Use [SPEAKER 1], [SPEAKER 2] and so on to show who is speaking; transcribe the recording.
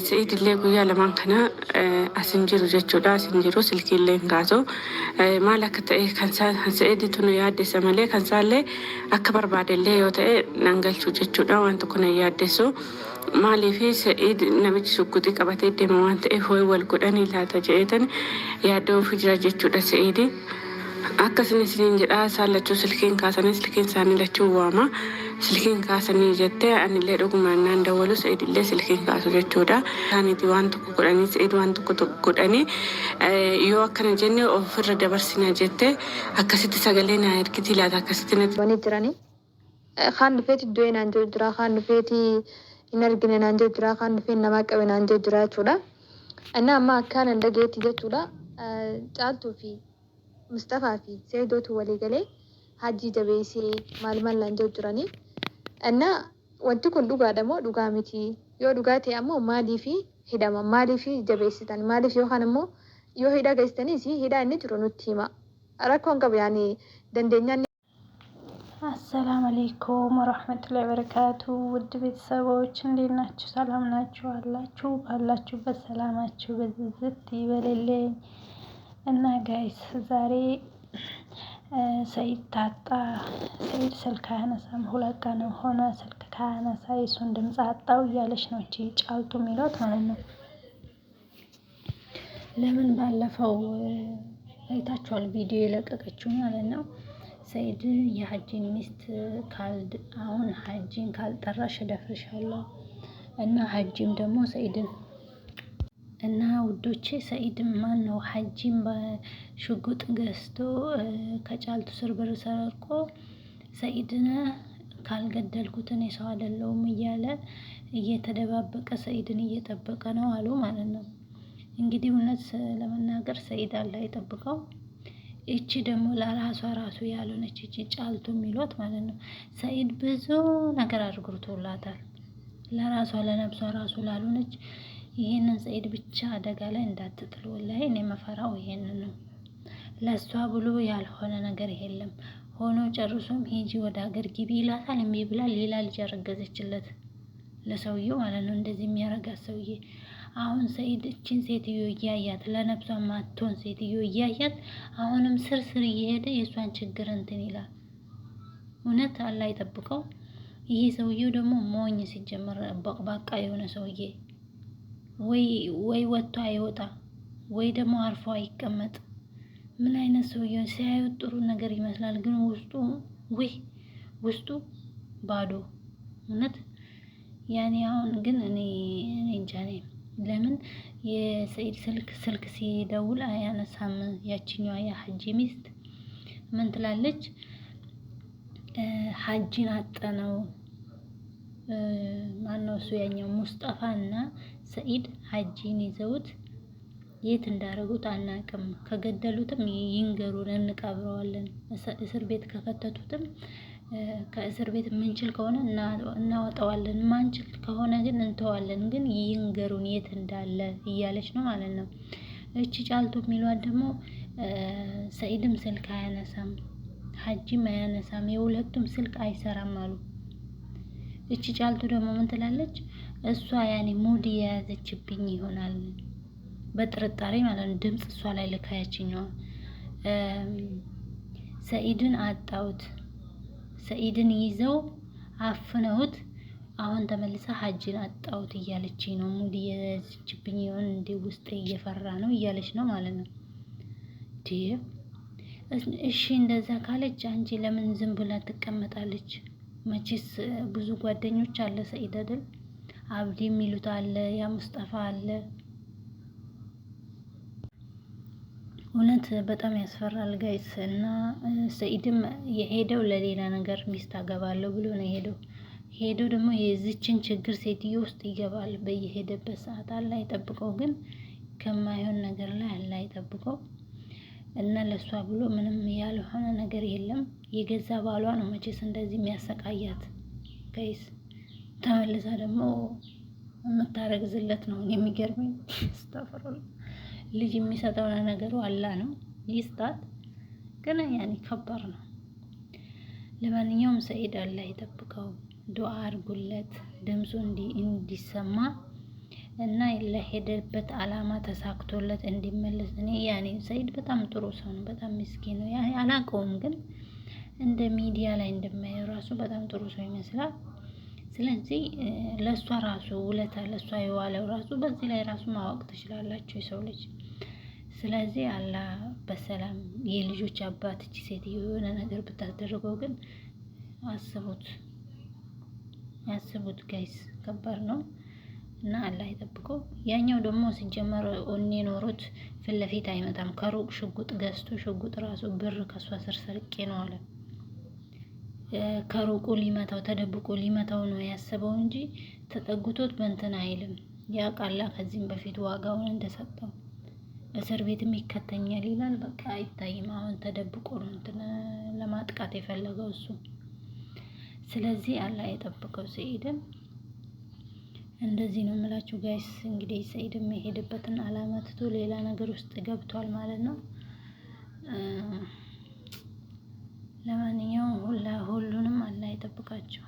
[SPEAKER 1] si'idillee guyyaa lamaan kana asin jiru jechuudha. Asin jiru silkiillee hin kaasu. Maal akka ta'e kan si'iditu nu yaaddessa malee kan isaallee akka barbaadellee yoo ta'e nan galchu jechuudha. Waan tokko na yaaddessu. Maaliif si'id namichi sukkutii qabatee deema waan ta'eef wal godhanii laata jedheetan yaadda ofii jira jechuudha si'idi. akkasuma isiniin jedhaa saallachuu silkeen kaasanii silkeen isaanii lachuu waama silkeen kaasanii jettee anillee dhugumaan naan dawwalu seedillee silkeen kaasu jechuudha. Isaaniiti waan tokko godhanii seed waan tokko godhanii yoo akkana jenne ofirra dabarsina jettee akkasitti sagalee naa ergiti laata akkasitti natti.
[SPEAKER 2] Wani jirani kaan dhufeeti iddoo naan jiru jira kaan dhufeeti hin argine naan jiru jira kaan dhufee namaa qabe naan jiru jira jechuudha. Inni amma akkaan dhageetti jechuudha caaltuu fi Mustafaa fi Seedotu walii galee hajjii jabeessee maal mallan jiru jiranii እና wanti kun dhugaadha moo dhugaa miti? Yoo dhugaa ta'e ammoo maaliif hidhama? Maaliif jabeessitan? Maaliif yookaan immoo yoo hidha geessitanis hidhaa inni jiru nutti hima. Rakkoon qabu yaani dandeenyaan
[SPEAKER 3] አሰላም አሌይኩም ወረህመቱላሂ ወበረካቱ ውድ ቤተሰቦች እንዴት ናችሁ? ሰላም ናችሁ አላችሁ? ባላችሁበት ሰላማችሁ በዝዝት ይበልልኝ። እና ጋይስ ዛሬ ሰይድ ታጣ። ሰኢድ ስልክ አያነሳም። ሁለት ቀን ሆነ ስልክ ካያነሳ የሱን ድምፅ አጣው እያለች ነው እቺ ጫልቱ የሚሏት ማለት ነው። ለምን ባለፈው አይታችኋል፣ ቪዲዮ የለቀቀችው ማለት ነው። ሰይድ የሀጂን ሚስት አሁን ሀጂን ካልጠራሽ እደፍርሻለሁ እና ሀጂም ደግሞ ሰኢድን እና ውዶቼ ሰኢድ ማን ነው ሀጂም በሽጉጥ ገዝቶ ከጫልቱ ስር ብር ሰርቆ ሰኢድን ካልገደልኩት እኔ ሰው አይደለሁም እያለ እየተደባበቀ ሰኢድን እየጠበቀ ነው አሉ ማለት ነው። እንግዲህ እውነት ለመናገር ሰኢድ አላህ ይጠብቀው። እቺ ደግሞ ለራሷ ራሱ ያልሆነች እቺ ጫልቱ የሚሏት ማለት ነው። ሰኢድ ብዙ ነገር አድርጎላታል። ለራሷ ለነብሷ ራሱ ላልሆነች ይሄንን ሰኢድ ብቻ አደጋ ላይ እንዳትጥሉ። ወላሂ እኔ መፈራው ይሄን ነው። ለእሷ ብሎ ያልሆነ ነገር የለም። ሆኖ ጨርሶም ሂጂ ወደ ሀገር ግቢ ይላታል። እምቢ ብላ ሌላ ልጅ ያረገዘችለት ለሰውዬው ማለት ነው። እንደዚህ የሚያረጋት ሰውዬ አሁን ሰኢድ እችን ሴትዮ እያያት ለነብሷ ማትሆን ሴትዮ እያያት አሁንም ስር ስር እየሄደ የእሷን ችግር እንትን ይላል። እውነት አላህ ይጠብቀው። ይሄ ሰውዬው ደግሞ ሞኝ ሲጀመር በቅባቃ የሆነ ሰውዬ ወይ ወጥቶ አይወጣ ወይ ደግሞ አርፎ አይቀመጥ። ምን አይነት ሰውየ ሲያዩ ጥሩ ነገር ይመስላል፣ ግን ውስጡ ውይ ውስጡ ባዶ እውነት ያኔ አሁን ግን እኔ እንጃ ለምን የሰኢድ ስልክ ስልክ ሲደውል አያነሳም? ያችኛዋ የሀጂ ሚስት ምን ትላለች? ሀጂን አጠነው ማነው እሱ ያኛው ሙስጠፋ እና ሰኢድ ሀጂን ይዘውት የት እንዳደረጉት አናቅም። ከገደሉትም ይንገሩን እንቀብረዋለን። እስር ቤት ከፈተቱትም ከእስር ቤት የምንችል ከሆነ እናወጣዋለን፣ ማንችል ከሆነ ግን እንተዋለን። ግን ይንገሩን የት እንዳለ እያለች ነው ማለት ነው። እቺ ጫልቱ የሚሏት ደግሞ ሰኢድም ስልክ አያነሳም፣ ሀጂም አያነሳም፣ የሁለቱም ስልክ አይሰራም አሉ። እቺ ጫልቱ ደግሞ ምን ትላለች? እሷ ያኔ ሙድ የያዘችብኝ ይሆናል በጥርጣሬ ማለት ነው። ድምፅ እሷ ላይ ልካያችኝ ነው። ሰኢድን አጣሁት፣ ሰኢድን ይዘው አፍነውት፣ አሁን ተመልሳ ሀጅን አጣሁት እያለች ነው። ሙድ የያዘችብኝ ይሆን እንዲ ውስጤ እየፈራ ነው እያለች ነው ማለት ነው። እሺ እንደዛ ካለች አንቺ ለምን ዝም ብላ ትቀመጣለች? መቼስ ብዙ ጓደኞች አለ ሰኢድ አይደል? አብዲ የሚሉት አለ፣ ያ ሙስጠፋ አለ። እውነት በጣም ያስፈራል ጋይስ። እና ሰኢድም የሄደው ለሌላ ነገር ሚስት አገባለሁ ብሎ ነው የሄደው። ሄዶ ደግሞ የዚችን ችግር ሴትዮ ውስጥ ይገባል በየሄደበት ሰዓት። አላ ይጠብቀው ግን ከማይሆን ነገር ላይ አላ ይጠብቀው እና ለእሷ ብሎ ምንም ያልሆነ ነገር የለም። የገዛ ባሏ ነው መቼስ እንደዚህ የሚያሰቃያት ከይስ ተመልሳ ደግሞ የምታረግዝለት ነው የሚገርመኝ። ስተፍሮ ልጅ የሚሰጠው ነገሩ አላ ነው ይስጣት፣ ግን ያኔ ከባድ ነው። ለማንኛውም ሰኢድ አላ ይጠብቀው፣ ዱዓ አርጉለት ድምፁ እንዲሰማ እና ለሄደበት አላማ ተሳክቶለት እንዲመለስ። እኔ ያኔ ሰኢድ በጣም ጥሩ ሰው ነው፣ በጣም ምስኪን ነው። አላውቀውም ግን እንደ ሚዲያ ላይ እንደማየው ራሱ በጣም ጥሩ ሰው ይመስላል። ስለዚህ ለእሷ ራሱ ውለታ ለእሷ የዋለው ራሱ በዚህ ላይ ራሱ ማወቅ ትችላላችሁ የሰው ልጅ። ስለዚህ አላ በሰላም የልጆች አባት እቺ ሴትዮ የሆነ ነገር ብታስደርገው ግን አስቡት ያስቡት ጋይስ ከባድ ነው እና አላህ ይጠብቀው። ያኛው ደግሞ ሲጀመር ኦኔ ኖሮት ፊት ለፊት አይመጣም። ከሩቅ ሽጉጥ ገዝቶ ሽጉጥ ራሱ ብር ከሷ ስር ሰርቄ ነው አለ። ከሩቁ ሊመታው ተደብቆ ሊመታው ነው ያሰበው እንጂ ተጠግቶት በንትን አይልም። ያ ቃላ ከዚህም በፊት ዋጋውን እንደሰጠው እስር ቤትም ይከተኛል ይላል። በቃ አይታይም። አሁን ተደብቆ ነው እንትን ለማጥቃት የፈለገው እሱ። ስለዚህ አላህ የጠበቀው ሰኢድን። እንደዚህ ነው የምላችሁ ጋይስ። እንግዲህ ሰኢድም የሄደበትን አላማ ትቶ ሌላ ነገር ውስጥ ገብቷል ማለት ነው። ለማንኛውም ሁላ ሁሉንም አላህ ይጠብቃቸው።